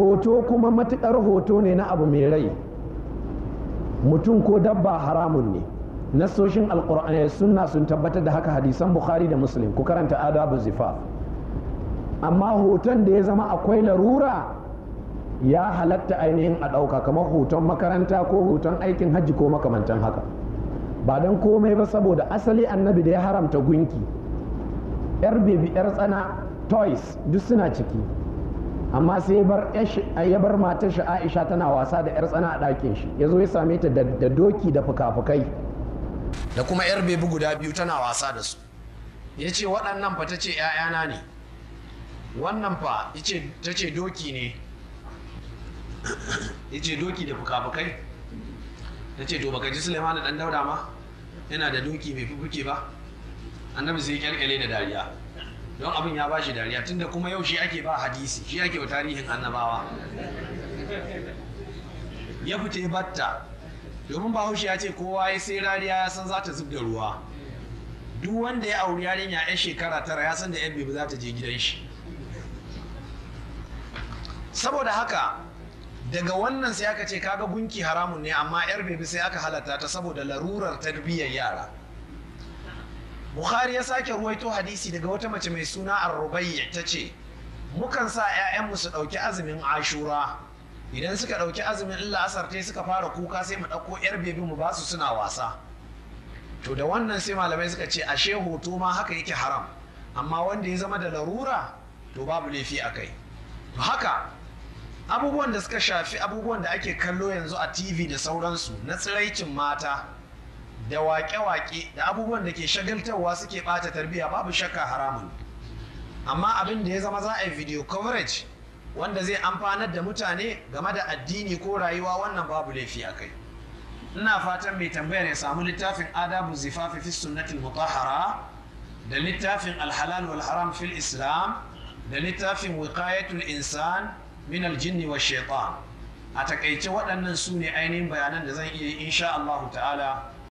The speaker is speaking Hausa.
hoto kuma matuƙar hoto ne na abu mai rai mutum ko dabba haramun ne nasoshin alƙur'ani sunna sun tabbatar da haka hadisan bukhari da muslim ku karanta adabu zifaf amma hoton da ya zama akwai larura ya halatta ainihin a ɗauka kamar hoton makaranta ko hoton aikin hajji ko makamantan haka ba don komai ba saboda asali annabi da ya haramta gunki yar bebi yar tsana toys duk suna ciki amma sai ya bar matar shi aisha tana wasa da yar tsana a ɗakin shi ya zo ya same ta da doki da fukafukai da kuma yar bebi guda biyu tana wasa da su ya ce waɗannan fa ta ce ‘ya'yana ne wannan fa ta ce doki ne ya ce doki da fukafukai ta ce to baka ji suleiman da ɗan dauda ma yana da doki bai fi ba annabi sai kyalkyale da dariya don abin ya ba shi dariya tunda kuma yau shi ake ba hadisi shi ake wa tarihin annabawa ya fita batta domin bahaushe ya ce kowa ya sai rariya ya san za ta zub da ruwa duk wanda ya auri yarinya ya shekara tara ya san da yan bebe za ta je gidan shi saboda haka daga wannan sai aka ce kaga gunki haramun ne amma yar bebe sai aka halatta ta saboda larurar tarbiyyar yara bukhari ya sake ruwaito hadisi daga wata mace mai suna arrubayya ta ce mukan sa 'ya'yanmu su ɗauki azumin ashura idan suka ɗauki azumin illa asar ta suka fara kuka sai mu ɗauko 'yar bebi mu su suna wasa to da wannan sai malamai suka ce ashe hoto ma haka yake haram amma wanda ya zama da larura to babu laifi a kai to haka abubuwan da suka shafi abubuwan da ake kallo yanzu a tv da sauransu na tsiraicin mata da waƙe-waƙe da abubuwan da ke shagaltarwa suke ɓata tarbiyya babu shakka haramun amma abin da ya zama za a yi video coverage wanda zai amfanar da mutane game da addini ko rayuwa wannan babu laifi a kai ina fatan mai tambayar ya samu littafin adabu zifafi fi sunnatin mutahara da littafin alhalal wal haram fil islam da littafin wiqayatul insan min aljinni wa shaitan a takaice waɗannan su ne ainihin bayanan da zan iya insha Allah ta'ala